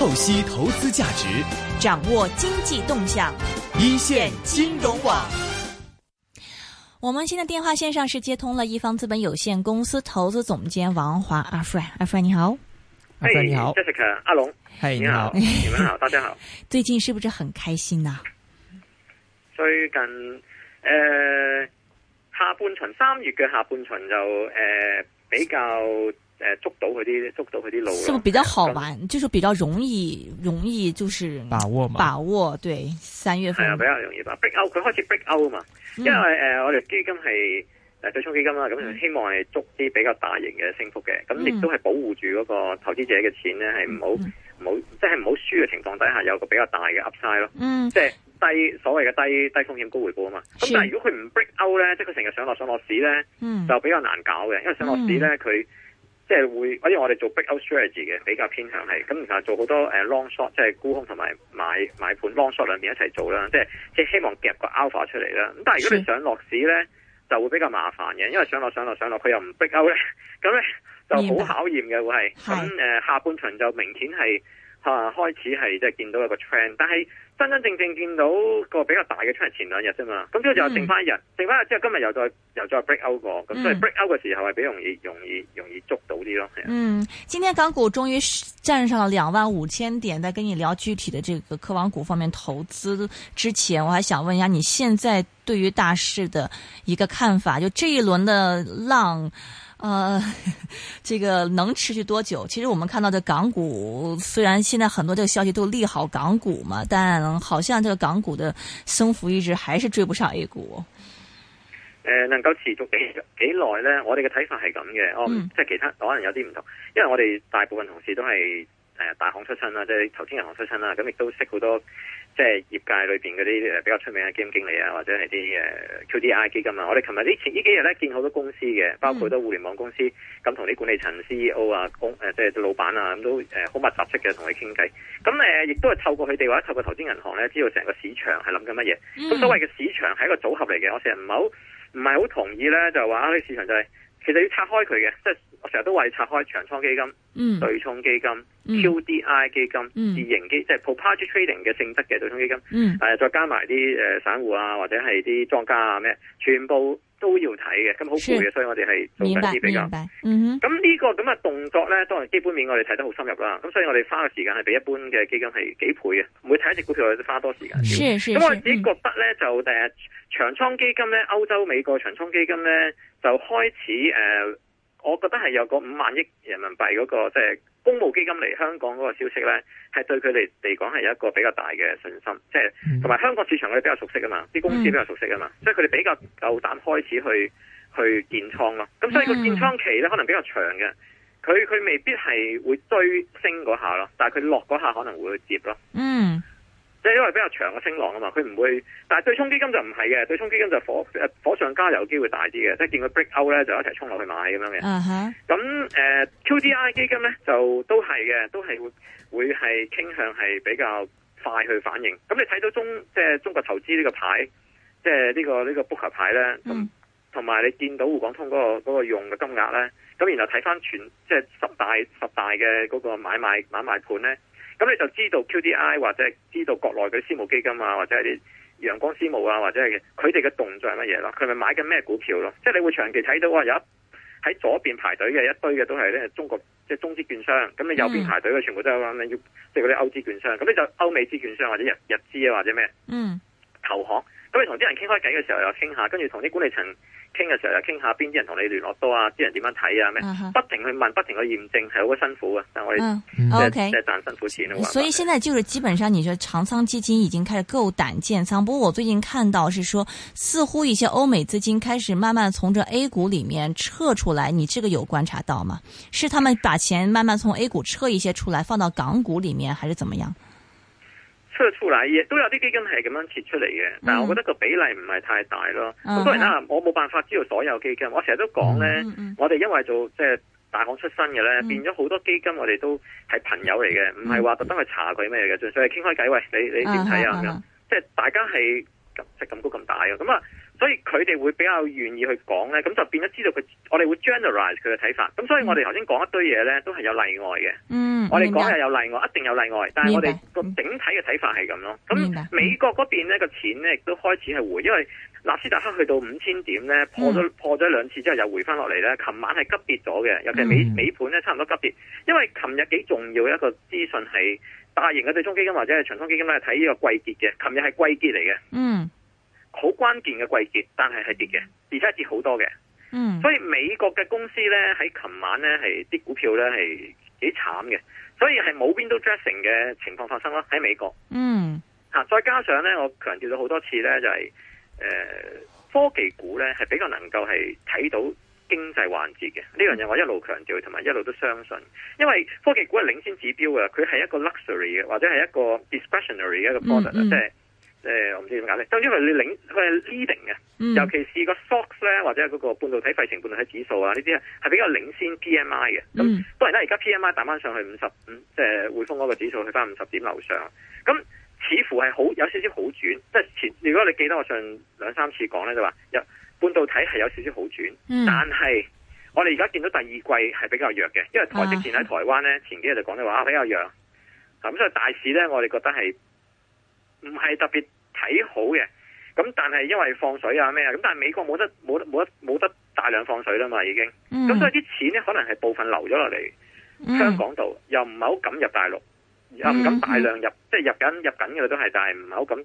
透析投資價值，掌握經濟動向，一線金融網。我們現在電話線上是接通了一方資本有限公司投資總監王華阿 Frank 阿 Frank 你好，阿 f Hey, 你好。Jessica，阿龍，嗨 Hey, 你好，你,好你們好， 大家好。最近是不是很開心呐、啊？最近，呃下半旬三月嘅下半旬就呃比較。誒，捉到佢啲，捉到佢啲路。是比較好玩，就是比較容易，容易就是把握嘛，把握對三月份係啊，比較容易把握。break out，佢開始 break out 啊嘛，因為誒，我哋基金係誒對沖基金啦，咁希望係捉啲比較大型嘅升幅嘅，咁亦都係保護住嗰個投資者嘅錢咧，係唔好唔好，即係唔好輸嘅情況底下，有個比較大嘅 upside 咯。嗯，即係低所謂嘅低低風險高回報啊嘛。咁但係如果佢唔 break out 咧，即係佢成日上落上落市咧，就比較難搞嘅，因為上落市咧佢。即係會，因為我哋做 break out strategy 嘅，比較偏向係，咁然後做好多誒 long shot，即係沽空同埋買買盤 long shot 兩邊一齊做啦，即係即係希望夾個 alpha 出嚟啦。咁但係如果你上落市咧，就會比較麻煩嘅，因為上落上落上落，佢又唔 break out 咧， 咁咧就好考驗嘅會係。咁誒的下半場就明顯係。吓、啊，開始係即係見到一個 trend，但係真真正正見到一個比較大嘅 trend 前兩日啫嘛，咁之後就剩翻一日，剩翻日之後今日又再又再 break out 過，咁所以 break out 嘅時候係比較容易、嗯、容易容易捉到啲咯。是嗯，今天港股終於站上兩萬五千點，再跟你聊具體的這個科網股方面投資之前，我還想問一下你現在對於大市的一個看法，就這一輪的浪，呃，這個能持續多久？其實我們看到的港股，雖然現在很多這個消息都利好港股嘛，但好像這個港股的升幅一直還是追不上 A 股，呃。能夠持續幾幾耐呢？我哋嘅睇法係咁嘅哦，即係、嗯、其他可能有啲唔同，因為我哋大部分同事都係誒、呃、大行出身啦，即係頭先銀行出身啦，咁亦都識好多。即係業界裏邊嗰啲誒，比較出名嘅基金經理啊，或者係啲誒 QDII 基金啊，我哋琴日呢前呢幾日咧見好多公司嘅，包括好多互聯網公司，咁同啲管理層 CEO 啊，公誒即係老闆啊咁都誒好密集式嘅同佢傾偈，咁誒亦都係透過佢哋或者透過投資銀行咧知道成個市場係諗緊乜嘢。咁所謂嘅市場係一個組合嚟嘅，我成日唔係好唔係好同意咧，就係話啲市場就係其實要拆開佢嘅，即係。我成日都話拆開長倉基金、對沖、嗯、基金、嗯、QDI 基金、嗯、自營基即係 proprietary trading 嘅性質嘅對沖基金，誒、就是嗯啊、再加埋啲誒散戶啊或者係啲莊家啊咩，全部都要睇嘅，咁好攰嘅，是所以我哋係做緊啲比較。咁呢、嗯、個咁嘅動作咧，當然基本面我哋睇得好深入啦，咁所以我哋花嘅時間係比一般嘅基金係幾倍嘅，每睇一隻股票我哋都花多時間。是咁我自己覺得咧、嗯、就誒長倉基金咧，歐洲美國長倉基金咧就開始誒。呃我覺得係有個五萬億人民幣嗰、嗰個即係、即係、公募基金嚟香港嗰個消息呢係對佢哋嚟講係有一個比較大嘅信心，即係同埋香港市場佢哋比較熟悉啊嘛，啲公司比較熟悉啊嘛，嗯、所以佢哋比較夠膽開始去去建倉咯。咁所以嗰個建倉期呢，可能比較長嘅，佢佢未必係會追升嗰下咯，但係佢落嗰下可能會接咯。嗯。即係因為比較長嘅升浪啊嘛，佢唔會，但係對沖基金就唔係嘅，對沖基金就是火誒火上加油機會大啲嘅，即係見佢 break out 咧就一齊衝落去買咁樣嘅。嗯哼、uh，咁、huh. 誒、呃、QDII 基金咧就都係嘅，都係會會係傾向係比較快去反應。咁你睇到中即係中國投資呢個牌，即係呢、這個呢、這個 book、er、牌咧，同同埋你見到滬港通嗰、那個嗰、那個用嘅金額咧，咁然後睇翻全即係十大十大嘅嗰個買賣買賣盤咧。咁你就知道 QDI 或者知道國內嗰啲私募基金啊，或者啲陽光私募啊，或者佢哋嘅動作係乜嘢咯？佢咪買緊咩股票咯？即係你會長期睇到話，有一喺左邊排隊嘅一堆嘅都係咧中國即係中資券商，咁你右邊排隊嘅全部都係啱啱要即係嗰啲歐資券商，咁你就歐美資券商或者日日資啊，或者咩？嗯，投行。咁你同啲人傾開偈嘅時候又傾下，跟住同啲管理層傾嘅時候又傾下，邊啲人同你聯絡多啊？啲人點樣睇啊？咩、uh？Huh. 不停去問，不停去驗證，係好鬼辛苦啊！但係我哋即係賺辛苦錢啊嘛，uh huh. okay. 所以現在就是基本上，你說長倉基金已經開始夠膽建倉。不過我最近看到是說，似乎一些歐美資金開始慢慢從這 A 股裏面撤出來。你這個有觀察到嗎？是他們把錢慢慢從 A 股撤一些出來，放到港股裏面，還是怎麼樣？都出嚟嘅，都有啲基金係咁樣撤出嚟嘅，但係我覺得個比例唔係太大咯。咁、mm hmm. 當然啦，我冇辦法知道所有基金，我成日都講咧，mm hmm. 我哋因為做即係、就是、大行出身嘅咧，變咗好多基金，我哋都係朋友嚟嘅，唔係話特登去查佢咩嘅，純粹係傾開偈。喂，你你點睇啊？咁、mm hmm. 即係大家係咁食咁高咁大嘅，咁啊。所以佢哋會比較願意去講呢，咁就變咗知道佢，我哋會 generalize 佢嘅睇法。咁所以我哋頭先講一堆嘢呢，都係有例外嘅。嗯，我哋講嘅有例外，一定有例外，但係我哋個整體嘅睇法係咁咯。咁美國嗰邊呢個錢呢，亦都開始係回，因為納斯達克去到五千點呢，破咗破咗兩次之後又回翻落嚟呢。琴晚係急跌咗嘅，尤其尾尾盤呢差唔多急跌，因為琴日幾重要一個資訊係大型嘅對沖基金或者係長倉基金係睇呢個季結嘅，琴日係季結嚟嘅。嗯。好關鍵嘅季節，但係係跌嘅，而家跌好多嘅。嗯，所以美國嘅公司呢，喺琴晚呢，係啲股票呢，係幾慘嘅，所以係冇 window dressing 嘅情況發生咯。喺美國，嗯，吓再加上呢，我強調咗好多次呢，就係、是呃、科技股呢，係比較能夠係睇到經濟環節嘅。呢樣嘢我一路強調，同埋一路都相信，因為科技股係領先指標嘅，佢係一個 luxury 嘅，或者係一個 discretionary 嘅一個 model t 即係誒，我唔、嗯、知點解咧，就因為你領佢係 leading 嘅，嗯、尤其是個 SOX 咧，或者嗰個半導體費城半導體指數啊，呢啲係比較領先 PMI 嘅。咁、嗯、當然啦，而家 PMI 打翻上去五十、嗯，五，即係匯豐嗰個指數去翻五十點樓上，咁似乎係好有少少好轉。即係前，如果你記得我上兩三次講咧，就話，半導體係有少少好轉，嗯、但係我哋而家見到第二季係比較弱嘅，因為台積電喺台灣咧，前幾日就講咗話比較弱。咁所以大市咧，我哋覺得係。唔係特別睇好嘅，咁但係因為放水啊咩啊，咁但係美國冇得冇冇得冇得冇得大量放水啦嘛已經，咁、嗯、所以啲錢咧可能係部分流咗落嚟香港度，嗯、又唔係好敢入大陸，嗯、又唔敢大量入，即係、嗯、入緊入緊嘅都係，但係唔係好咁。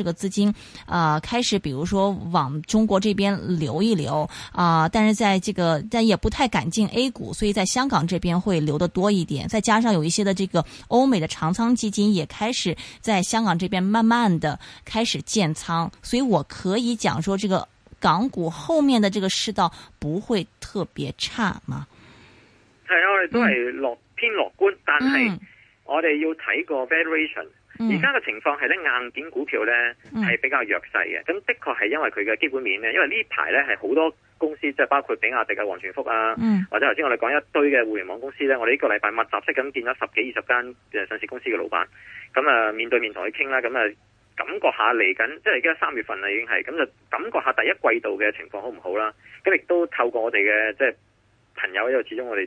這個資金啊、呃，開始比如說往中國這邊留一留啊、呃，但是在這個但也不太敢進 A 股，所以在香港這邊會留的多一點。再加上有一些的這個歐美的長倉基金也開始在香港這邊慢慢的開始建倉，所以我可以講說，這個港股後面的這個市道不會特別差嘛。係啊，我哋都係樂偏樂觀，但係我哋要睇個 valuation。而家嘅情況係咧，硬件股票咧係比較弱勢嘅。咁、嗯、的確係因為佢嘅基本面咧，因為呢排咧係好多公司，即係包括比亞迪啊、王傳福啊，嗯、或者頭先我哋講一堆嘅互聯網公司咧。我哋呢個禮拜密集式咁見咗十幾二十間上市公司嘅老闆，咁啊面對面同佢傾啦，咁啊感覺下嚟緊，即係而家三月份啦，已經係咁就感覺下第一季度嘅情況好唔好啦。咁亦都透過我哋嘅即係朋友，因為始終我哋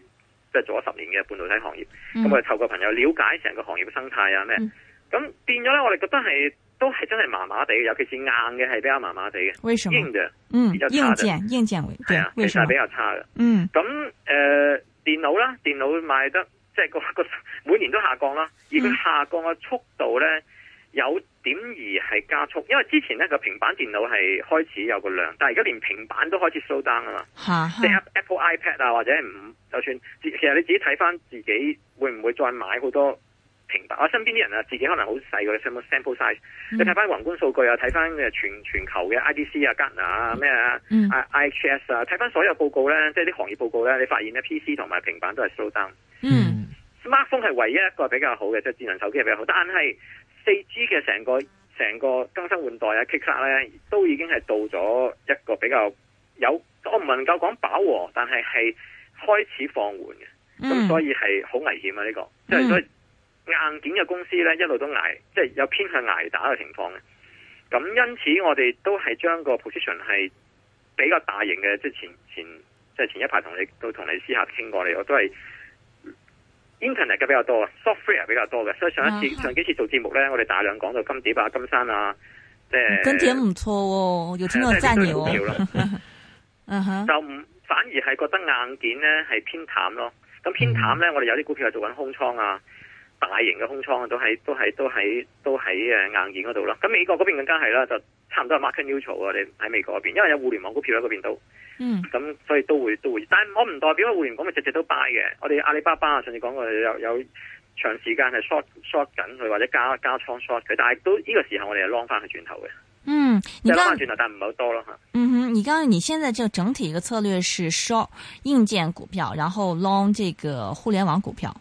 即係做咗十年嘅半導體行業，咁我哋、嗯、透過朋友了解成個行業嘅生態啊咩？什麼嗯咁變咗咧，我哋覺得係都係真係麻麻地，尤其是硬嘅係比較麻麻地嘅。為什麼？硬件，嗯，硬件硬件為對，其實係比較差嘅。嗯。咁誒、呃，電腦啦，電腦賣得即係個個每年都下降啦，而佢下降嘅速度咧、嗯、有點而係加速，因為之前咧個平板電腦係開始有個量，但係而家連平板都開始 slow down 㗎嘛。吓哈。即 Apple iPad 啊，或者唔就算，其實你自己睇返自己會唔會再買好多？我身邊啲人啊，自己可能好細個嘅 sample size。你睇翻宏觀數據啊，睇翻嘅全全球嘅 IDC 啊、Gartner 啊、咩啊、IHS 啊，睇翻所有報告咧，即係啲行業報告咧，你發現咧 PC 同埋平板都係 slow down。嗯，smartphone 係唯一一個比較好嘅，即係智能手機係比較好嘅。但係四 G 嘅成個成個更新換代啊、k i 趨勢咧，都已經係到咗一個比較有，我唔能夠講飽和，但係係開始放緩嘅。咁、嗯、所以係好危險啊、呢個！呢個即係所以。硬件嘅公司咧一路都挨，即係有偏向挨打嘅情況嘅。咁因此我哋都係將個 position 係比較大型嘅，即係前前即係前一排同你都同你私下傾過嚟，我都係 internet 嘅比較多啊，software 嘅比較多嘅。所以上一次、uh huh. 上幾次做節目咧，我哋大量講到金蝶啊、金山啊，即係金蝶唔錯喎、哦，又聽到真嘢喎。啊哈你、哦，就 唔、uh、huh. 反而係覺得硬件咧係偏淡咯，咁偏淡咧、uh huh. 我哋有啲股票係做緊空倉啊。大型嘅空倉都喺都喺都喺都喺誒硬件嗰度啦，咁美國嗰邊更加係啦，就差唔多係 market neutral，我哋喺美國嗰邊，因為有互聯網股票喺嗰邊都，嗯，咁所以都會都會，但係我唔代表啊，互聯網咪直直都 buy 嘅，我哋阿里巴巴上次講過有有長時間係 short short 緊佢或者加加倉 short 佢，但係都呢、這個時候我哋係 long 翻去轉頭嘅，嗯，即係翻轉頭但係唔係好多咯吓，嗯哼，而家你現在就整體嘅策略是 short 硬件股票，然後 long 這個互聯網股票。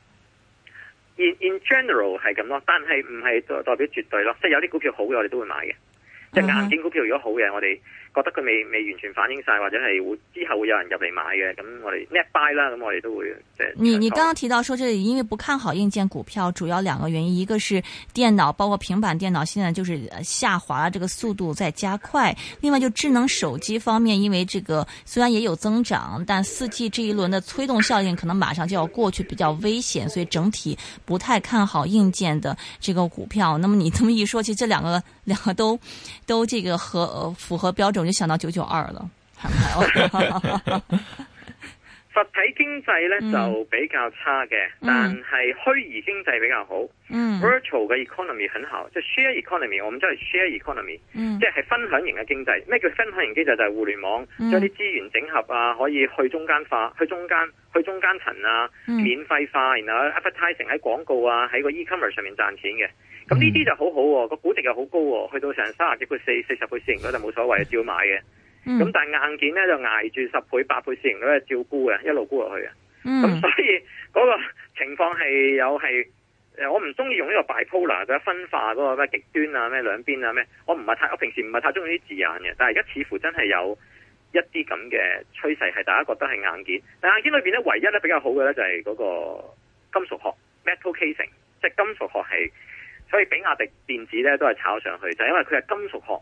In in general 係咁咯，但係唔係代代表絕對咯，即係有啲股票好嘅我哋都會買嘅，uh huh。即係硬件股票如果好嘅我哋。覺得佢未未完全反映晒，或者係會之後會有人入嚟買嘅，咁我哋 net buy 啦，咁我哋都會。你你剛剛提到說，就是、因為不看好硬件股票，主要兩個原因，一個是電腦包括平板電腦，現在就是下滑，這個速度在加快；，另外就智能手機方面，因為這個雖然也有增長，但四 G 這一輪的推動效應可能馬上就要過去，比較危險，所以整體不太看好硬件的這個股票。那麼你這麼一說，其實這兩個兩個都都這個和符合標準。我就想到九九二了，還快哦。實體經濟咧就比較差嘅，嗯、但係虛擬經濟比較好。嗯、virtual 嘅 economy 很好，即係 share economy，我們、嗯、即係 share economy，即係分享型嘅經濟。咩叫分享型經濟？就係互聯網將啲、嗯、資源整合啊，可以去中間化、去中間、去中間層啊，嗯、免費化，然後 advertising 喺廣告啊，喺個 e-commerce 上面賺錢嘅。咁呢啲就好好、啊，個估值又好高、啊，去到成三十幾、倍、四、四十倍，四嗰度冇所謂，照買嘅。咁、嗯、但係硬件咧就挨住十倍、八倍、四零都樣照沽嘅，一路沽落去嘅。咁、嗯嗯、所以嗰個情況係有係誒，我唔中意用呢個 bipolar 嘅分化嗰、嗰個咩極端啊、咩兩邊啊咩，我唔係太我平時唔係太中意啲字眼嘅。但係而家似乎真係有一啲咁嘅趨勢，係大家覺得係硬件。但硬件裏邊咧，唯一咧比較好嘅咧就係嗰個金屬殼 （metal casing），即係金屬殼係，所以比亞迪電子咧都係炒上去，就係、因為佢係金屬殼。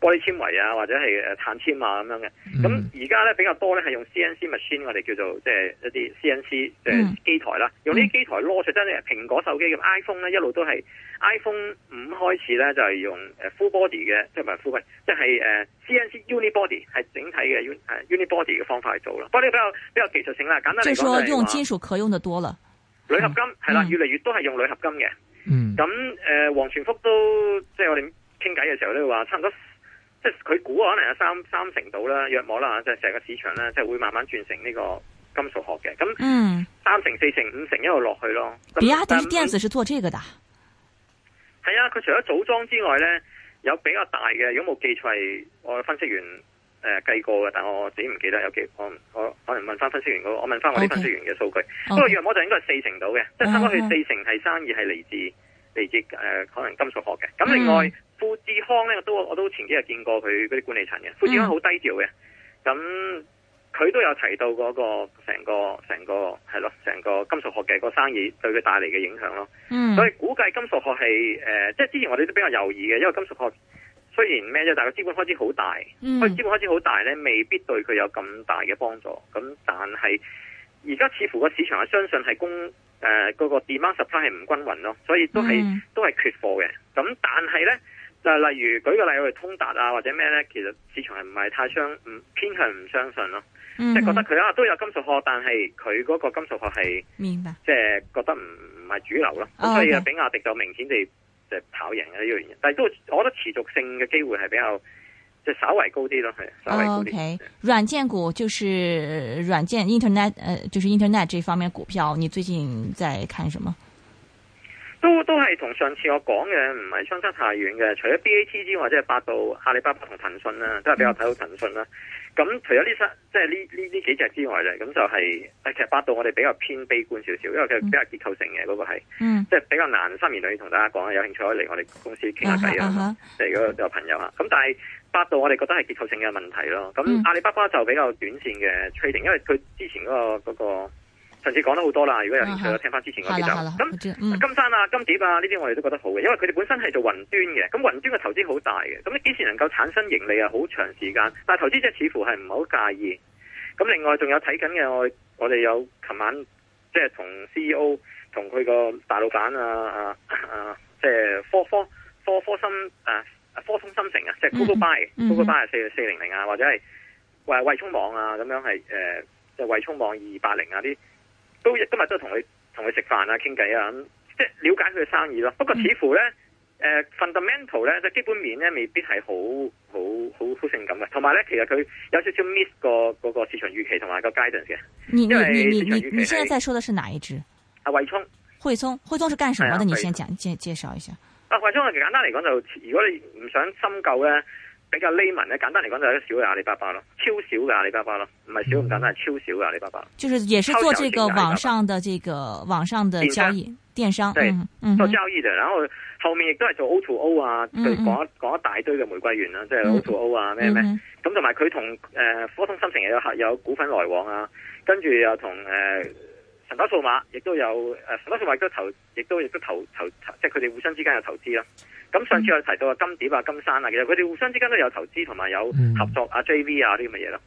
玻璃纖維啊，或者係誒碳纖啊咁樣嘅。咁而家咧比較多咧係用 CNC machine，我哋叫做即係一啲 CNC 即機台啦。嗯、用呢啲機台攞出，真係蘋果手機咁，嗯、iPhone 咧一路都係 iPhone 五開始咧就係用誒 full body 嘅，即係唔係 full body，即係誒 CNC unibody 係整體嘅 un, unibody 嘅方法去做咯。不過呢比較比較技術性啦，簡單嚟講就說用金屬可用得多啦，嗯、鋁合金係，嗯、啦，越嚟越多係用鋁合金嘅。嗯，咁誒王傳福都即係我哋傾偈嘅時候咧話，差唔多。即係佢估可能有三三成到啦，約摸啦即係成個市場咧，即、就、係、是、會慢慢轉成呢個金屬學嘅。咁、嗯、三成、四成、五成一路落去咯。比亞迪電子係做這個的。係、嗯、啊，佢除咗組裝之外咧，有比較大嘅，如果冇記錯，係我分析員誒、呃、計過嘅，但係我自己唔記得有記，有幾我我可能問翻分析員個，我問翻我啲分析員嘅數據。不過約摸就應該係四成到嘅，okay. 即係差唔多去四成係生意係嚟自嚟 Okay. 自誒、呃、可能金屬學嘅。咁另外。嗯富智康咧，我都我都前幾日見過佢嗰啲管理層嘅，富智康好低調嘅。咁佢、嗯、都有提到嗰個成個成個係咯，成個金屬學嘅個生意對佢帶嚟嘅影響咯。嗯、所以估計金屬學係誒、呃，即係之前我哋都比較猶豫嘅，因為金屬學雖然咩啫，但係個資本開支好大，佢、嗯、資本開支好大咧，未必對佢有咁大嘅幫助。咁、嗯、但係而家似乎個市場係相信係供誒嗰個 demand supply 係唔均勻咯，所以都係、嗯、都係缺貨嘅。咁但係咧。就例如舉個例通達、啊，我哋通達啊或者咩咧，其實市場係唔係太相唔偏向唔相信咯、啊，嗯、哼即係覺得佢啊都有金屬殼，但係佢嗰個金屬殼係，明白，即係覺得唔唔係主流咯，哦、所以啊，比亞迪就明顯地即跑贏嘅呢個原因。哦 okay、但係都我覺得持續性嘅機會係比較即係稍微高啲咯，係。稍微高啲。OK，軟件股就是軟件 Internet，誒，就是 Internet 呢方面股票，你最近在看什麼？都都係同上次我講嘅唔係相差太遠嘅，除咗 BAT 之外，即係百度、阿里巴巴同騰訊啦，都係比較睇好騰訊啦。咁、嗯、除咗呢三，即係呢呢呢幾隻之外咧，咁就係、是、誒，其實百度我哋比較偏悲觀少少，因為佢比較結構性嘅嗰個係，嗯，即係、就是、比較難三言兩語同大家講啦。有興趣可以嚟我哋公司傾下偈啊，哈啊哈，即係如果朋友啊。咁但係百度我哋覺得係結構性嘅問題咯。咁、嗯、阿里巴巴就比較短線嘅 trading，因為佢之前嗰個、那個。上次講得好多啦，如果有興趣都聽翻之前嗰幾集。咁金山啊、金蝶啊呢啲我哋都覺得好嘅，因為佢哋本身係做雲端嘅，咁雲端嘅投資好大嘅，咁呢幾時能夠產生盈利啊？好長時間，但係投資者似乎係唔係好介意。咁另外仲有睇緊嘅，我我哋有琴晚即係同 CEO 同佢個大老闆啊啊啊，即係科科科科芯，科通芯城啊，即係 Google Buy，Google Buy 係四四零零啊，或者係慧慧聰網啊咁樣係誒，即、呃就是、慧聰網二二八零啊啲。都今日都同佢同佢食飯啊，傾偈啊，咁、嗯、即係了解佢嘅生意咯。不過似乎咧，誒，fundamental 咧，即基本面咧，未必係好好好好性感嘅。同埋咧，其實佢有少少 miss 個嗰個市場預期同埋個 guidance 嘅。你你你你你現在在說嘅是哪一支？阿慧、啊、聰，慧聰，慧聰是幹什麼的？你先講介介紹一下。阿慧聰，其實、啊、簡單嚟講就，如果你唔想深究咧。比較 level 咧，簡單嚟講就係少嘅阿里巴巴咯，超少嘅阿里巴巴咯，唔係少咁簡單係超少嘅阿里巴巴。是就是也是做這個網上的這個網上的交易電商，電商、嗯、對，做交易嘅，然后後面亦都係做 O to O 啊，嗯嗯，對，講一講一大堆嘅玫瑰園啦、啊，即係、嗯嗯、O to O 啊咩咩，咁同埋佢同誒，科、嗯嗯、呃、通芯城有有股份來往啊，跟住又同誒。呃神州數碼亦都有，誒，神州數碼亦都投，亦都亦都投投，即係佢哋互相之間有投資啦。咁上次我提到啊，金蝶啊、金山啊，其實佢哋互相之間都有投資同埋有合作啊、mm hmm. J V 啊啲咁嘅嘢咯。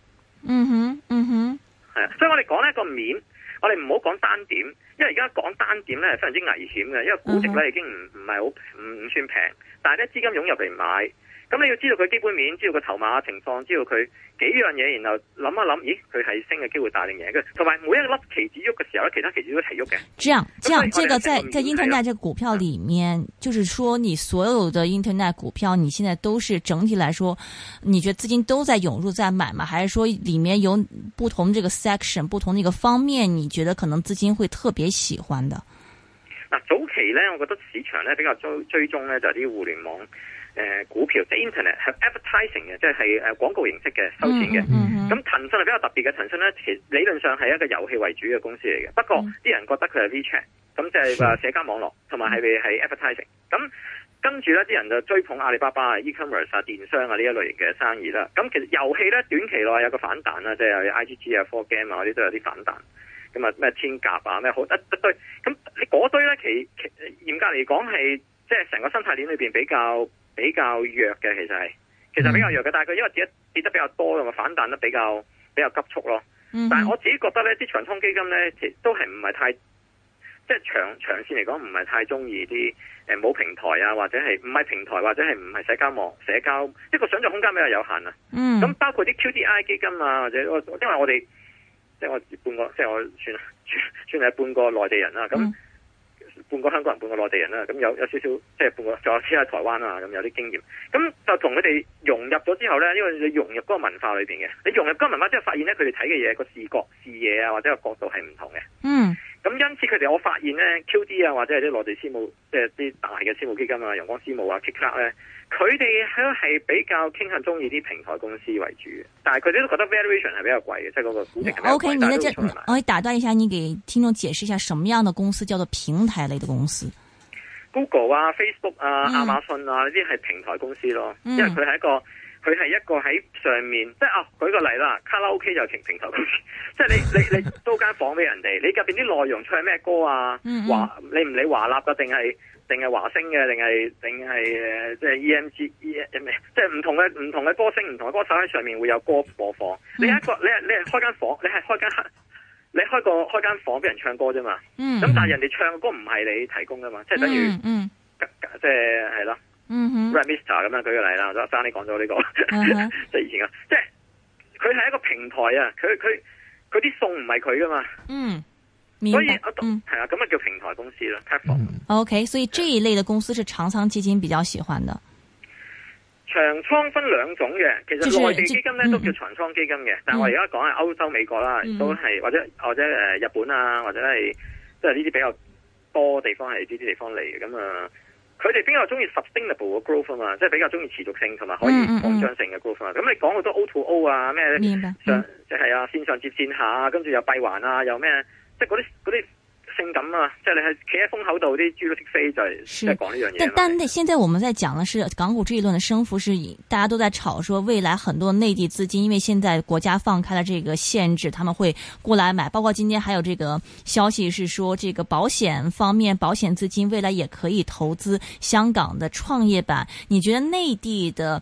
嗯哼、mm，嗯哼，係啊。所以我哋講呢個面，我哋唔好講單點，因為而家講單點咧係非常之危險嘅，因為估值咧已經唔唔係好，唔唔算平，但係咧資金湧入嚟買。咁你要知道佢基本面，知道個籌碼情況，知道佢幾樣嘢，然後諗一諗，咦，佢係升嘅機會大定贏嘅。同埋每一粒棋子喐嘅時候咧，其他棋子都係喐嘅。這樣，這樣，麼這個在看在 internet 這是股票裏面，就是說你所有的 internet 股票，你現在都是整體來說，你覺得資金都在湧入在買嘛？還是說裏面有不同這個 section、不同那個方面，你覺得可能資金會特別喜歡的？嗱，早期咧，我覺得市場咧比較追追蹤咧就係、是、啲互聯網。誒，股票即係 internet 係 advertising 嘅，即係誒廣告形式嘅收錢嘅。咁騰訊係比較特別嘅，騰訊咧其實理論上係一個遊戲為主嘅公司嚟嘅。不過啲、嗯、人覺得佢係 WeChat，咁即係社交網絡，同埋係係 advertising。咁跟住咧，啲人就追捧阿里巴巴、啊、e-commerce 啊、電商啊呢一類型嘅生意啦。咁其實遊戲咧短期內有個反彈啦，即、就、係、是、I G G 啊、Four Game 啊嗰啲都有啲反彈。咁啊咩天甲啊咩好啊對那那一堆，咁你嗰堆咧其其嚴格嚟講係即係成個生態鏈裏邊比較。比較弱嘅其實係，其實比較弱嘅，嗯、但係佢因為跌跌得比較多，又咪反彈得比較比較急促咯。嗯、但係我自己覺得咧，啲長通基金咧，其實都係唔係太，即係長長線嚟講唔係太中意啲誒冇平台啊，或者係唔係平台或者係唔係社交網社交，即係個想象空間比較有限啊。咁、嗯、包括啲 QDII 基金啊，或者因為我哋即係我半個，即係我算啦，算係半個內地人啦、啊。咁半個香港人，半個內地人啦，咁有有少少即係半個，仲有喺台灣啊，咁有啲經驗，咁就同佢哋融入咗之後咧，因為你融入嗰個文化裏邊嘅，你融入嗰個文化之後，發現咧佢哋睇嘅嘢個視覺視野啊，或者個角度係唔同嘅。嗯。咁因此佢哋，我發現咧，QD 啊，或者係啲內地私募，即係啲大嘅私募基金啊，陽光私募啊，etc 咧，佢哋響係比較傾向中意啲平台公司為主。但係佢哋都覺得 valuation 係比較貴嘅，即係嗰個估值太貴。O K，你的真，我打斷一下，你給聽眾解釋一下，什麼樣的公司叫做平台類的公司？Google 啊，Facebook 啊，亞馬遜啊，呢啲係平台公司咯，因為佢係一個。佢係一個喺上面，即係啊、哦，舉個例啦，卡拉 OK 就係情情頭，即係你你你租間房俾人哋，你入邊啲內容唱咩歌啊？華、嗯嗯、你唔理華納啊定係定係華星嘅，定係定係即係 EMG 即係唔同嘅唔同嘅歌星、唔同嘅歌手喺上面會有歌播放。嗯、你一個你你係開間房，你係開間你開個開間房俾人唱歌啫嘛。咁、嗯、但係人哋唱嘅歌唔係你提供噶嘛，即係等於、嗯嗯、即係係咯。嗯哼、mm hmm.，Red Mister 咁樣舉個例啦，阿生你講咗呢個，即係以前啊，即係佢係一個平台啊，佢佢佢啲送唔係佢噶嘛，嗯，所以，嗯，係啊，咁啊叫平台公司啦，Platform，OK，所以這一類嘅公司是長倉基金比較喜歡嘅。長倉分兩種嘅，其實內地基金咧、就是、都叫長倉基金嘅，嗯、但係我而家講係歐洲、美國啦，嗯、都係或者或者誒日本啊，或者係即係呢啲比較多地方係呢啲地方嚟嘅，咁、嗯、啊。佢哋比較中意 sustainable 嘅 growth 啊嘛，即係比較中意持續性同埋可以擴張性嘅 growth 啊，咁你講好多 O two O 啊咩，上即係啊線上接線下啊，跟住有閉環啊有咩，即係啲嗰啲。那些性感啊！即係你企喺風口度啲豬都飛就係、是、是即係講呢樣嘢。但但係現在我們在講的是港股這一輪的升幅，是以大家都在炒說未來很多內地資金，因為現在國家放開了這個限制，他們會過來買。包括今天還有這個消息是說，這個保險方面保險資金未來也可以投資香港的創業板。你覺得內地的？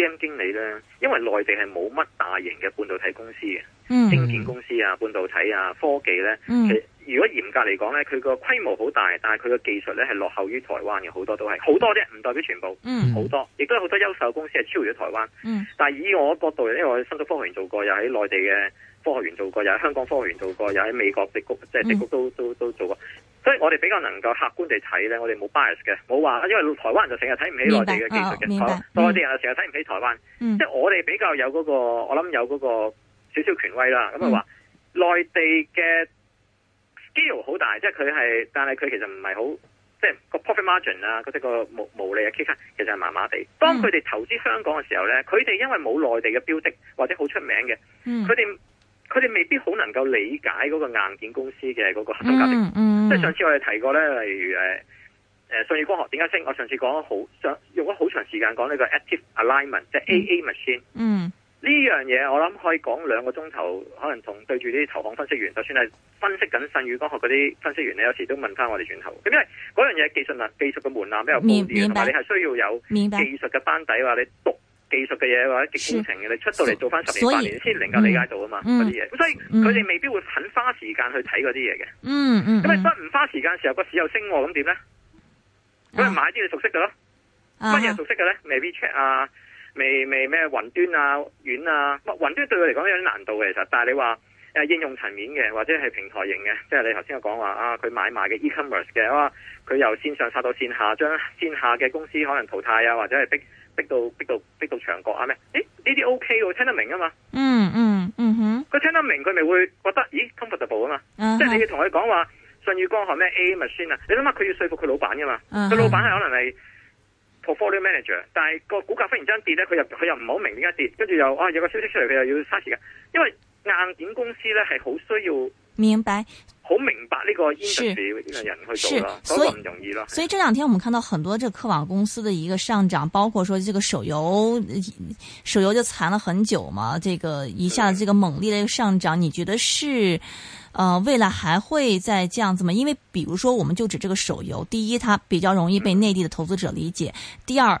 基金經理咧，因為內地係冇乜大型嘅半導體公司嘅，證券、嗯、公司啊、半導體啊、科技咧、嗯，如果嚴格嚟講咧，佢個規模好大，但係佢個技術咧係落後於台灣嘅，好多都係好多啫，唔代表全部，好、嗯、多亦都係好多優秀公司係超越咗台灣。嗯、但係以我的角度，因為我喺新竹科學園做過，又喺內地嘅科學園做過，又喺香港科學園做過，又喺美國嘅谷，即係硅谷都、嗯、都都，都做過。所以我哋比較能夠客觀地睇咧，我哋冇 bias 嘅，冇話因為台灣、哦嗯、人就成日睇唔起內地嘅技術嘅，內地人就成日睇唔起台灣。嗯、即係我哋比較有嗰、那個，我諗有嗰個少少權威啦。咁就話內、嗯、地嘅 skill 好大，即係佢係，但係佢其實唔係好，即係個 profit margin 啊，即、那、啲個無無利嘅 key 其實係麻麻地。當佢哋投資香港嘅時候咧，佢哋、嗯、因為冇內地嘅標的或者好出名嘅，佢哋、嗯。佢哋佢哋未必好能夠理解嗰個硬件公司嘅嗰個核心價值、嗯嗯、即係上次我哋提過咧，例如誒、呃、信宇光學點解升？我上次講好，用咗好長時間講呢個 active alignment，即係 AA machine 嗯。嗯，呢樣嘢我諗可以講兩個鐘頭，可能同對住啲投行分析員，就算係分析緊信宇光學嗰啲分析員你有時都問翻我哋轉頭，因為嗰樣嘢技術能技術嘅門檻比較高啲，同埋明白，你係需要有技術嘅班底話你讀。技術嘅嘢或者極工程嘅，你出到嚟做翻十年八年先能夠理解到啊嘛嗰啲嘢，咁所以佢哋未必會很花時間去睇嗰啲嘢嘅。嗯嗯。咁你不唔花時間時候個市又升喎，咁點咧？咁啊，啊買啲你熟悉嘅咯。乜嘢熟悉嘅咧？未 WeChat 啊，未未咩雲端啊、軟啊？雲端對佢嚟講有啲難度嘅其實，但係你話誒應用層面嘅或者係平台型嘅，即係你頭先講話啊，佢買賣嘅 e-commerce 嘅啊，佢由線上殺到線下，將線下嘅公司可能淘汰啊，或者係逼。逼到逼到逼到牆角啊咩？誒呢啲 OK 喎，聽得明啊嘛。嗯嗯嗯哼，佢聽得明，佢咪會覺得，咦 comfortable 啊嘛。Uh huh. 即係你要同佢講話，舜宇光學咩 AI machine 啊？你諗下，佢要說服佢老闆噶嘛？佢、uh huh. 老闆係可能係 portfolio manager，但係個股價忽然間跌咧，佢又佢又唔好明點解跌，跟住又，又，又啊有個消息出嚟，佢又要嘥時間，因為硬件公司咧係好需要。明白。好明白呢個英文嘅人去做咯，嗰個唔容易咯。是,是，所以，所以這兩天我們看到很多這科網公司的一個上漲，包括說這個手遊，手遊就殘了很久嘛，這個一下子這個猛烈的一個上漲，的你覺得是，呃未來還會再這樣子嗎？因為比如說我們就指這個手遊，第一，它比較容易被內地的投資者理解，嗯、第二。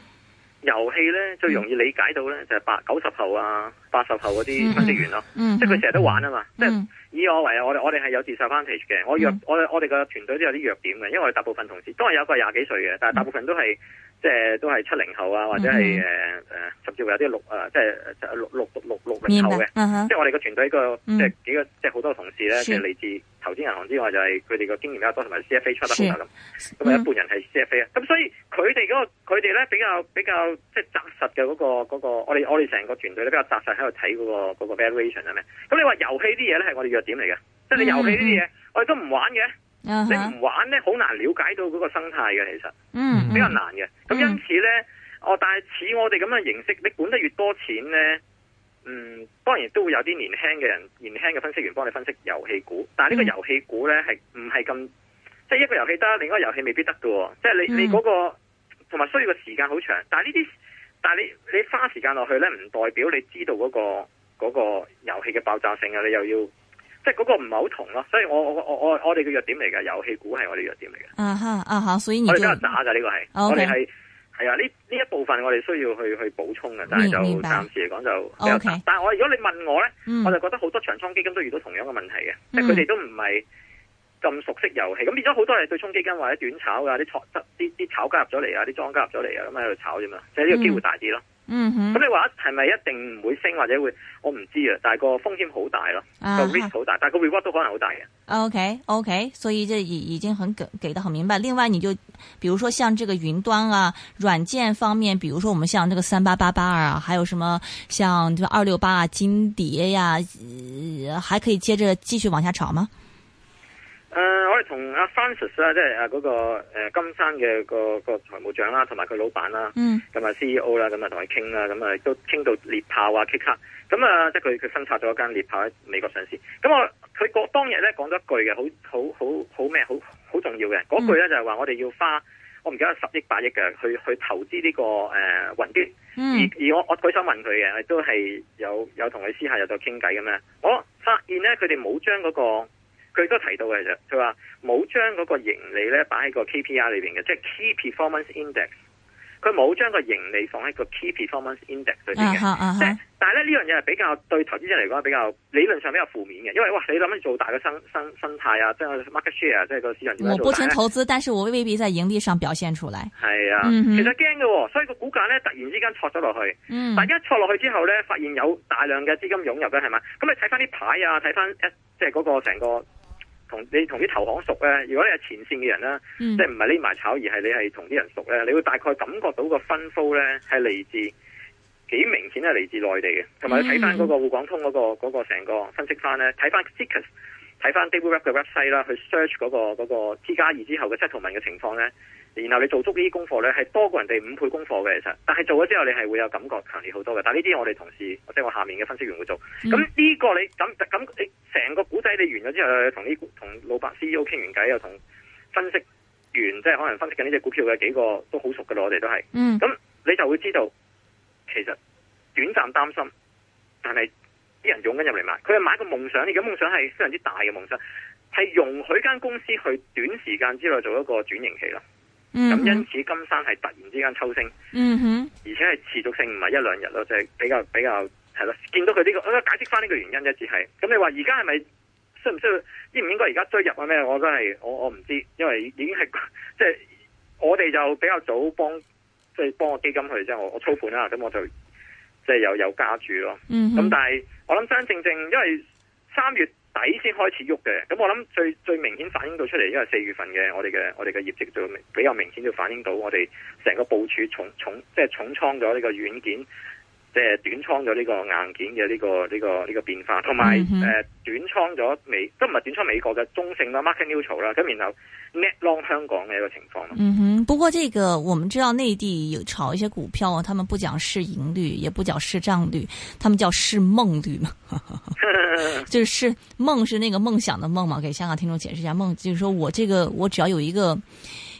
遊戲咧最容易理解到咧就係、是、八九十後啊、八十後嗰啲分析員咯，嗯嗯、即係佢成日都玩啊嘛，嗯、即係以我為啊，我哋我哋係有技術 advantage 嘅，我弱我我哋個團隊都有啲弱點嘅，因為我哋大部分同事都係有個廿幾歲嘅，但係大部分都係。即係都係七零後啊，或者係誒誒，甚至乎有啲六啊，即係六六六六零後嘅。Mm hmm. mm hmm. 即係我哋個團隊個即係幾個、mm hmm. 即係好多同事咧，Sure. 其實嚟自投資銀行之外，就係佢哋個經驗比較多，同埋 CFA 出得好咁。咁啊 Sure. 一半人係 CFA 啊，咁、hmm. 所以佢哋嗰個佢哋咧比較比較即係紮實嘅嗰、那個嗰、那個、我哋我哋成個團隊比較紮實喺度睇嗰個嗰、那個、valuation 啊咩？咁你話遊戲啲嘢咧係我哋弱點嚟嘅，mm hmm. 即係你遊戲呢啲嘢我哋都唔玩嘅。你唔玩咧，好難了解到嗰個生態嘅，其實嗯比較難嘅。咁因此咧，哦，但係似我哋咁嘅形式，你管得越多錢咧，嗯，當然都會有啲年輕嘅人，年輕嘅分析員幫你分析遊戲股。但係呢個遊戲股咧，係唔係咁，即係一個遊戲得，另一個遊戲未必得噶。即係你你嗰個同埋需要個時間好長。但係呢啲，但係你你花時間落去咧，唔代表你知道嗰個嗰個遊戲嘅爆炸性啊！你又要。即係嗰個唔係好同咯，所以我我我我我哋嘅弱點嚟噶，遊戲股係我哋弱點嚟嘅。啊啊哈，所、huh. 以、uh huh. so、我哋都係打噶呢個係，Okay. 我哋係係啊呢呢一部分我哋需要去去補充嘅，但係就暫時嚟講就比較差。Okay. 但係我如果你問我咧，嗯、我就覺得好多長倉基金都遇到同樣嘅問題嘅，即係佢哋都唔係咁熟悉遊戲，咁變咗好多係對沖基金或者短炒噶啲炒得啲啲炒家入咗嚟啊，啲莊家入咗嚟啊，咁喺度炒啫嘛，即係呢個機會大啲咯。嗯嗯哼，咁你話係咪一定唔會升或者會，我唔知啊，但係個風險好大咯，個 risk 好大，的但係個 reward 都可能好大嘅。OK OK，所以就已已經很給給得很明白。另外你就，比如說像這個雲端啊、軟件方面，比如說我們像這個三八八八二啊，還有什麼像這二六八啊、金蝶呀、啊呃，還可以接着繼續往下炒嗎？誒、呃，我哋同阿 Francis 啦，即係嗰個誒金山嘅個個財務長啦，同埋佢老闆啦、嗯，嗯，咁啊 CEO 啦，咁啊同佢傾啦，咁啊都傾到獵豹啊 Kika 咁啊即係佢佢分拆咗一間獵豹喺美國上市，咁我佢當日咧講咗一句嘅，好好好好咩，好好，好重要嘅，嗰、嗯、句咧就係、是、話我哋要花，我唔記得十億八億嘅，去去投資呢、這個誒雲、呃、端，嗯、而而我我想問佢嘅，都係有有同佢私下有做傾偈嘅咩？我發現咧佢哋冇將嗰個。佢都提到嘅啫，佢話冇將嗰個盈利咧擺喺個 KPI 裏邊嘅，即係 Key Performance Index。佢冇將個盈利放喺個 Key Performance Index 裏邊嘅，即係。但係咧呢樣嘢係比較對投資人嚟講比較理論上比較負面嘅，因為哇，你諗住做大嘅生生生態啊，即係 market share，即係個市場如何做。我不停投資，但是我未必在盈利上表現出嚟。係啊，mm hmm. 其實驚嘅，所以個股價咧突然之間挫咗落去。但一挫落去之後咧，發現有大量嘅資金湧入嘅係嘛？咁你睇翻啲牌啊，睇翻即係嗰個成個。同你同啲投行熟咧，如果你係前線嘅人啦，嗯、即係唔係匿埋炒，而係你係同啲人熟咧，你會大概感覺到個分數咧係嚟自幾明顯係嚟自內地嘅，同埋睇翻嗰個滬港通嗰、嗰個成、嗰個、個分析翻咧，睇翻 CCASS 睇翻 David Webb 嘅 website 啦，去 search 嗰、嗰個嗰、嗰個 T 加二之後嘅 settlement 嘅情況咧。然後你做足呢啲功課咧，係多過人哋五倍功課嘅其實，但係做咗之後你係會有感覺強烈好多嘅。但係呢啲我哋同事，即係我下面嘅分析員會做。咁呢、嗯、個你咁咁，你成個古仔你完咗之後，同啲同老白 CEO 傾完偈，又同分析員，即、就、係、是、可能分析緊呢隻股票嘅幾個都好熟㗎啦。我哋都係，咁、嗯、你就會知道，其實短暫擔心，但係啲人湧緊入嚟買，佢係買個夢想，你、這個夢想係非常之大嘅夢想，係容許間公司去短時間之內做一個轉型期咯。咁因此金山係突然之間抽升，嗯哼、mm，hmm. 而且係持續性唔係一兩日咯，即、就、係、是、比較比較係咯，見到佢呢、這個、啊，解釋翻呢個原因一只係咁。你話而家係咪需唔需要應唔應該而家追入啊？咩？我真係我我唔知，因為已經係即係我哋就比較早幫即係、就是、幫個基金去即係我我操盤啦，咁我就即係、就是、有有加注咯，咁、mm hmm. 但係我諗真正正因為三月。底先開始喐嘅，咁我諗最最明顯反映到出嚟，因為四月份嘅我哋嘅我哋嘅業績就比較明顯就反映到我哋成個部署重重即係重倉咗呢個軟件。即係短倉咗呢個硬件嘅呢個呢個呢個變化，同埋誒短倉咗美，都唔係短倉美國嘅中性啦，market neutral 啦，咁然後 net long 香港嘅一個情況咯。嗯哼，不過這個我們知道內地有炒一些股票，他們不講市盈率，也不講市賬率，他們叫市夢率嘛， 就是，是夢是那個夢想的夢嘛，給香港聽眾解釋一下夢，就是說我這個我只要有一個。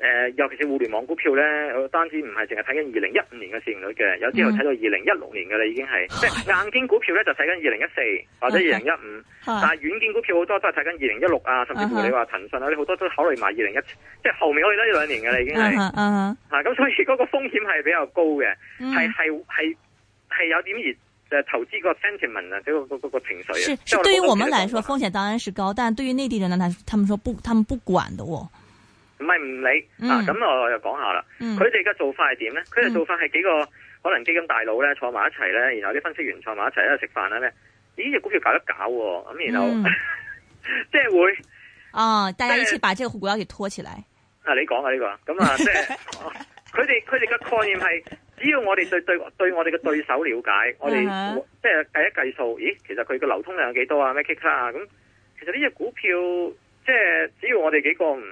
誒，尤其是互聯網股票咧，我單止唔係淨係睇緊二零一五年嘅市盈率嘅，有啲又睇到二零一六年嘅啦，已經係即係硬件股票咧就睇緊二零一四或者二零一五，但係軟件股票好多都係睇緊二零一六啊，甚至乎你話騰訊啊，你好多都考慮埋二零一七，即係後面可以得呢兩年嘅啦，已經係咁，所以嗰個風險係比較高嘅，係係係係有點而誒投資個 sentiment 啊，嗰個嗰個情緒。即係對於我們來說風險當然是高，但對於內地人呢，他他們說不，他們不管的哦。唔係唔理咁、嗯啊、我又講下啦。佢哋嘅做法係點咧？佢哋做法係幾個、嗯、可能基金大佬咧坐埋一齊咧，然後啲分析員坐埋一齊喺度食飯咩咦，隻股票搞得搞咁，然後即係、嗯、 會啊、哦！大家一起把這個股票給拖起來。啊，你講啊呢個咁、就是、 啊，即係佢哋佢哋嘅概念係，只要我哋對對對我哋嘅對手了解，嗯、哼我哋即係計一計數。咦，其實佢嘅流通量有幾多啊？咩 Kita 啊？咁、嗯、其實呢隻股票即係只要我哋幾個唔。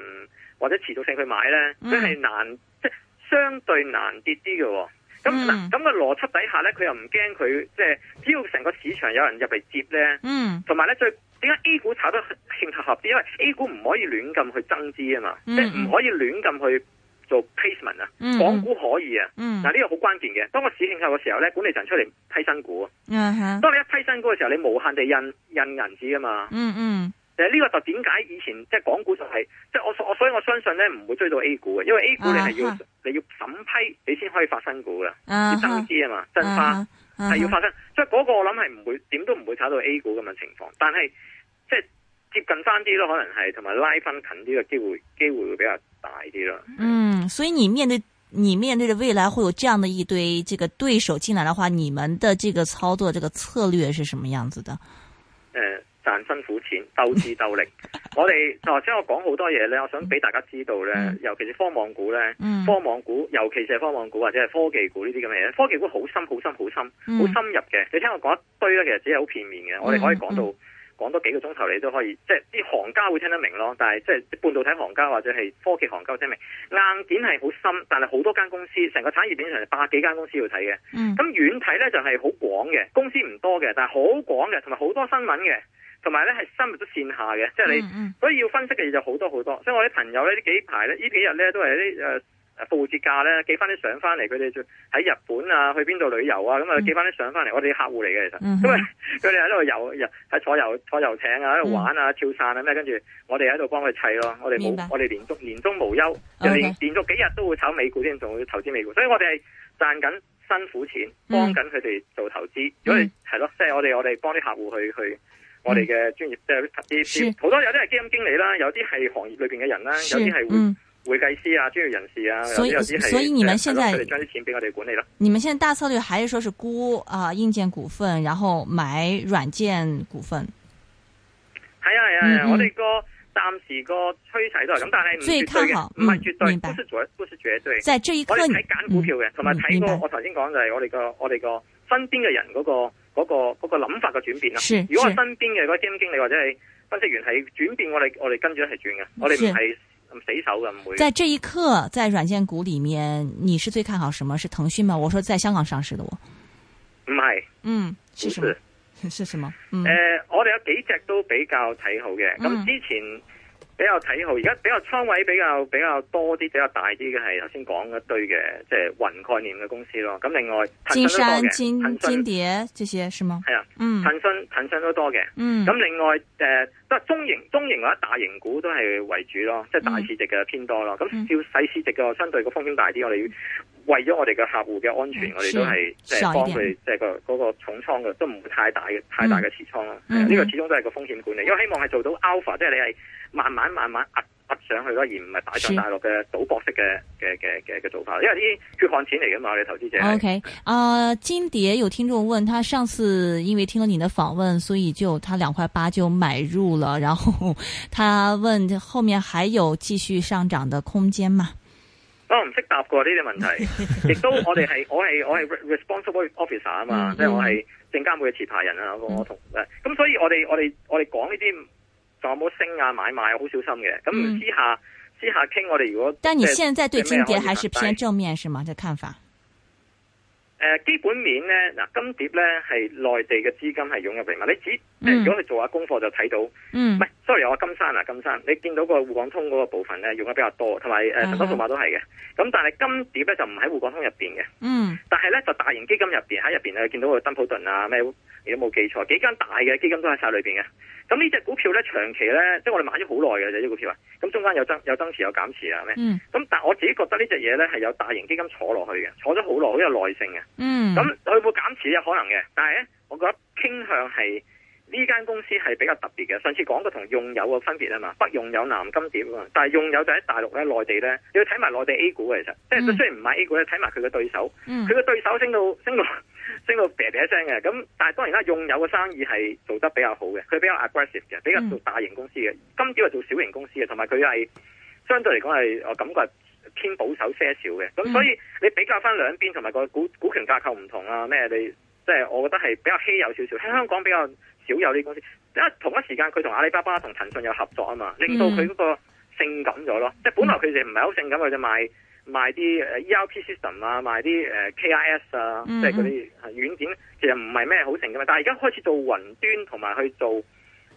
或者持續性去買咧，真係難，即係相對難跌啲嘅、哦。咁咁嘅邏輯底下咧，佢又唔驚佢即係，只要成個市場有人入嚟接咧，同埋咧最點解 A 股炒得興合合啲？因為 A 股唔可以亂咁去增資啊嘛，嗯、即係唔可以亂咁去做 placement 啊、嗯。港股可以啊。嗱呢個好關鍵嘅，當個市興頭嘅時候咧，管理層出嚟批新股。嗯、哼當你一批新股嘅時候，你無限地印印銀紙啊嘛。嗯嗯。誒，呢個就點解以前即係港股是就係、是，即係我所以我相信咧，唔會追到 A 股嘅，因為 A 股你係要、uh huh. 你要審批，你先可以發新股噶，uh huh. 要增資啊嘛，增發係、uh huh. uh huh. 要發生，所以嗰個我諗係唔會，點都唔會炒到 A 股咁嘅情況。但係即係接近翻啲咯，可能係同埋拉翻近啲嘅機會，機會會比較大啲咯。嗯，所以你面對你面對的未來會有這樣的一堆這個對手進來的話，你們的這個操作，這個策略是什麼樣子的？嗯、呃。賺辛苦錢，鬥智鬥力。我哋或者我講好多嘢咧，我想俾大家知道咧，尤其是科網股咧，嗯、科網股尤其是係科網股或者係科技股呢啲咁嘅嘢，科技股好深，好深，好深，好深入嘅。嗯、你聽我講一堆咧，其實只係好片面嘅。嗯、我哋可以講到講、嗯、多幾個鐘頭，你都可以即係啲行家會聽得明咯。但係即係半導體行家或者係科技行家會聽明硬件係好深，但係好多間公司，成個產業鏈上百幾間公司要睇嘅。咁遠睇咧就係好廣嘅，公司唔多嘅，但係好廣嘅，同埋好多新聞嘅。同埋咧係深入咗線下嘅，即係你，嗯嗯所以要分析嘅嘢就好多好多。所以我啲朋友咧，幾呢幾排咧呢幾日咧都係啲誒誒復活節假咧，寄翻啲相翻嚟，佢哋就喺日本啊，去邊度旅遊啊，咁啊、嗯嗯、寄翻啲相翻嚟。我哋啲客戶嚟嘅其實，因為佢哋喺度遊，日喺坐遊坐遊艇啊，喺度玩啊，嗯、跳傘啊咩，跟住我哋喺度幫佢砌咯。我哋冇我哋年終年終無休，就連連續幾日都會炒美股添，仲會投資美股。所以我哋係賺緊辛苦錢，幫緊佢哋做投資。嗯嗯如果係咯，即係我哋我哋幫啲客戶去去。去我哋嘅專業即係特好多，有啲係基金經理啦，有啲係行業裏邊嘅人啦，有啲係會計師啊，專業人士啊，有所以所以你們現在將啲錢俾我哋管理啦。你們現在大策略還是說是沽啊硬件股份，然後買軟件股份。係啊係啊係啊，我哋個暫時個趨勢都係咁，但係唔絕對嘅，唔係絕對，不是絕，不是絕對。在這一刻，我哋睇揀股票嘅，同埋睇過我頭先講就係我哋個我哋個身邊嘅人嗰個。嗰、那個、那個諗法嘅轉變啦、啊，如果我身邊嘅嗰啲基金經理或者係分析員係轉變，我哋我哋跟住一齊轉嘅，我哋唔係死守嘅，唔會。在這一刻，在軟件股裏面，你是最看好什麼是騰訊嗎？我說在香港上市的我，我唔係，嗯，是什，是，是什麼？是什麼？誒、嗯呃，我哋有幾隻都比較睇好嘅，咁之前。嗯比較睇好，而家比較倉位比較比較多啲、比較大啲嘅，係頭先講一堆嘅，即係雲概念嘅公司咯。咁另外，騰訊都多嘅，騰訊、金蝶這些是嗎？係啊，嗯，騰訊騰訊都多嘅。咁另外，誒，都係中型、中型或者大型股都係為主咯，即係大市值嘅偏多咯。咁照細市值嘅相對個風險大啲，我哋為咗我哋嘅客戶嘅安全，我哋都係即係幫佢，即係個嗰個重倉嘅，都唔會太大嘅太大嘅持倉啦。呢個始終都係個風險管理，因為希望係做到 alpha，即係你係。慢慢慢慢壓上去咯，而唔係大上大落嘅賭博式嘅嘅嘅嘅嘅做法，因為啲血汗錢嚟噶嘛，我哋投資者。O K，啊，金蝶有聽眾問他，上次因為聽到你的訪問，所以就他兩塊八就買入了，然後他問後面還有繼續上漲嘅空間嘛？」我唔識答過呢啲問題，亦 都我哋係我係我係 responsible officer 啊嘛，嗯嗯、即係我係證監會嘅持牌人啊，我我同誒，咁、嗯、所以我哋我哋我哋講呢啲。就冇升啊，買賣好小心嘅。咁私下私、嗯、下傾，我哋如果但你現在對金蝶還是偏正面是嗎？嘅看法？誒，基本面咧，嗱，金蝶咧係內地嘅資金係湧入嚟嘛？你只、嗯、如果你做下功課就睇到，嗯，唔係，sorry，我金山啊，金山，你見到個滬港通嗰個部分咧用得比較多，同埋誒，十、呃嗯、多數碼都係嘅。咁、嗯、但係金蝶咧就唔喺滬港通入邊嘅，嗯，但係咧就大型基金入邊喺入邊你見到個登普頓啊咩？如果冇記錯，幾間大嘅基金都喺晒裏邊嘅。咁呢隻股票咧，長期咧，即係我哋買咗好耐嘅呢隻股票。咁中間有增有增持，有減持，有減持啊咩？咁、嗯、但係我自己覺得隻呢隻嘢咧，係有大型基金坐落去嘅，坐咗好耐，好有耐性嘅。咁佢、嗯、會減持有可能嘅。但係咧，我覺得傾向係呢間公司係比較特別嘅。上次講過同用友嘅分別啊嘛，不用友藍金碟啊嘛，但係用友就喺大陸咧，內地咧，你要睇埋內地 A 股嘅其實，嗯、即係雖然唔買 A 股咧，睇埋佢嘅對手，佢嘅、嗯、對手升到升到。升到啤啤聲嘅，咁但係當然啦，用友嘅生意係做得比較好嘅，佢比較 aggressive 嘅，比較做大型公司嘅。嗯、金蝶係做小型公司嘅，同埋佢係相對嚟講係我感覺偏保守些少嘅，咁、嗯、所以你比較翻兩邊同埋個股股權架構唔同啊，咩？你即係我覺得係比較稀有少少，喺香港比較少有啲公司，因為同一時間佢同阿里巴巴同騰訊有合作啊嘛，令到佢嗰個性感咗咯，嗯、即係本來佢哋唔係好性感佢就、嗯、賣。賣啲 ERP system 啊，賣啲 KIS 啊，mm hmm. 即係嗰啲軟件，其實唔係咩好成㗎嘛。但係而家開始做雲端同埋去做，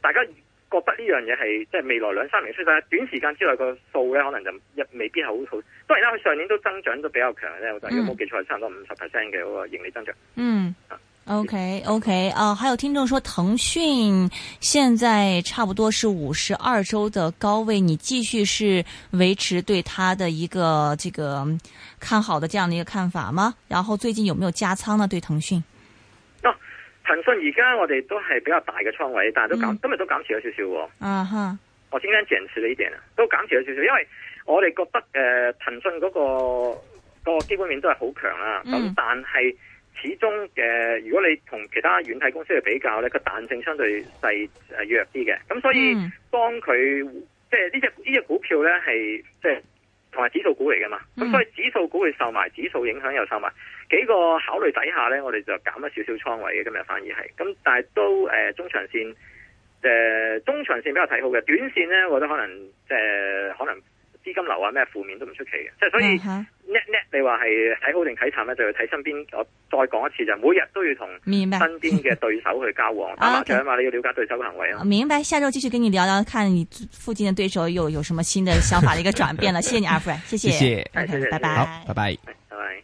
大家覺得呢樣嘢係即係未來兩三年出世，短時間之內個數咧可能就未必係好好。當然啦，佢上年都增長得比較強嘅，我就有冇記錯係差唔多五十 percent 嘅嗰個盈利增長。嗯、mm。Hmm. 啊 OK，OK，okay, okay, 啊、呃，還有聽眾說，騰訊現在差不多是五十二週的高位，你繼續是維持對它的一個這個看好的這樣的一個看法嗎？然後最近有沒有加倉呢？對騰訊？啊，騰訊而家我哋都係比較大嘅倉位，但係都減，嗯、今日都減持咗少少。啊哈，我今天減持了一點啊，都減持咗少少，因為我哋覺得誒，騰訊嗰個、那個基本面都係好強啊，咁、嗯、但係。始終嘅、呃，如果你同其他軟體公司去比較咧，個彈性相對細誒弱啲嘅。咁所以幫佢、嗯、即係呢隻呢隻股票咧，係即係同埋指數股嚟噶嘛。咁、嗯、所以指數股會受埋指數影響又受埋。幾個考慮底下咧，我哋就減咗少少倉位嘅。今日反而係咁，但係都誒、呃、中長線誒、呃、中長線比較睇好嘅，短線咧，我覺得可能誒、呃、可能。資金流啊咩負面都唔出奇嘅，即係所以，咩咩、嗯、你話係睇好定睇淡咧，就要睇身邊。我再講一次就，每日都要同身邊嘅對手去交往啊，打麻雀啊嘛 你要了解對手嘅行為啊。明白，下周繼續跟你聊聊，看你附近的對手有有什麼新嘅想法一個轉變啦。 謝謝你， 阿 Fr，謝謝，拜拜，拜拜，拜拜。